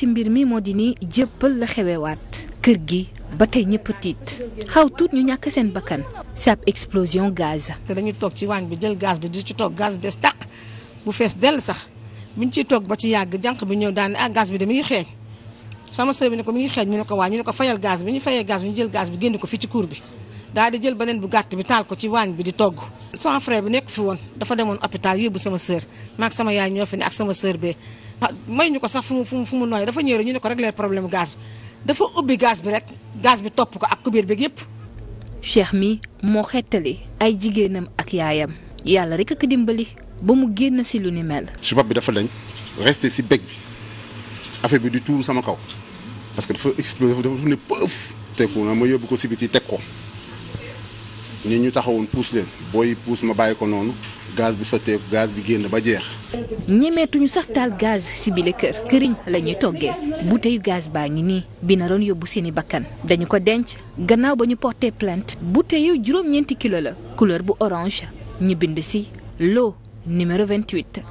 ci mbir mi moo di ni jëppal la xewewaat kër gi ba tey ñëpp tiit xaw tuut ñu ñàkk seen bakkan si ab explosion gaz. te dañuy toog ci waañ bi jël gaz bi di ci toog gaz bees tàq bu fees dell sax buñ ci toog ba ci yàgg jànq bi ñëw daan ah gaz bi de mi ngi xeeñ sama sër bi ne ko mi ngi xeeñ ñu ne ko waa ñu ne ko fayal gaz bi ñu fayee gaz bi ñu jël gaz bi génn ko fii ci cour bi. daal di jël beneen bu gàtt bi taal ko ci waañ bi di togg sama frère bi nekk fi woon dafa demoon hôpital yóbbu sama sœur maag sama yaay ñoo fi ne ak sama sœur bee may ñu ko sax fu mu fu mu nooy dafa ñëw ñu ne ko régler problème gaz bi dafa ubbi gaz bi rek gaz bi topp ko ak kubéer beeg yépp cheikh mi moo xettali ay jigéenam ak yaayam yàlla rek ak dimbali ba mu génn si lu ni mel. subab bi dafa dañ resté si bég bi affaire bi di tuuru sama kaw parce que dafa dafa ne pëf. ma yóbbu ko si teg ko. ni ñu taxawoon puus leen booy puus ma bàyyi ko noonu gaz bi sotteeku gaz bi génn ba jeex. ñemeetuñu sax taal gaz si bile kër. këriñ la ñuy toggee bouteille gaz baa ngi nii bi na doon yóbbu seeni bakkan dañu ko denc gannaaw ba ñu porté plainte bouteille yu juróom-ñeenti kilo la couleur bu orange ñu bind si lo numéro 28.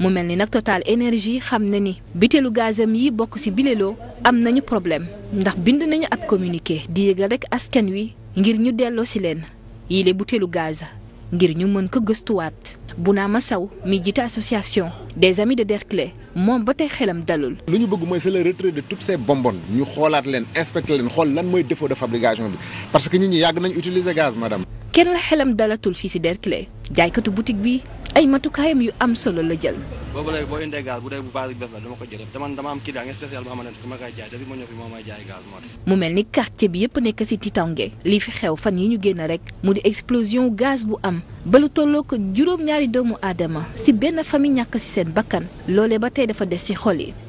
mu mel ni nag Total Énergie xam na ni bitéelu gazam yi bokk ci bileloo am nañu problème ndax bind nañu ab communiqué di yëgal rekk askan wi ngir ñu delloo si leen yii yile butéelu gaz ngir ñu mën ko gëstuwaat bu Bounama Sow mi jiite association des amis de Derklé moom ba tey xelam dalul. lu ñu bëgg mooy c'est le retrait de toutes ces bonbonnes ñu xoolaat leen inspecté leen xool lan mooy défaut de fabrication bi parce que nit ñi yàgg nañ utiliser gaz madame. kenn la xelam dalatul fii ci Derklé jaaykatu boutique bi ay matukaayam yu am solo la jël. boobu léegi boo indee gaal bu dee bu baax bu bees la dama ko jël te man dama am client spécial bu amoon ku ma koy jaay depuis ma ni quartier bi yëpp nekk ci titange li fi xew fan yi ñu génn rek mu di explosion gaz bu am ba lu tolloo ko juróom-ñaari doomu aadama ci benn famille ñàkk ci seen bakkan loole ba tey dafa des ci xol yi.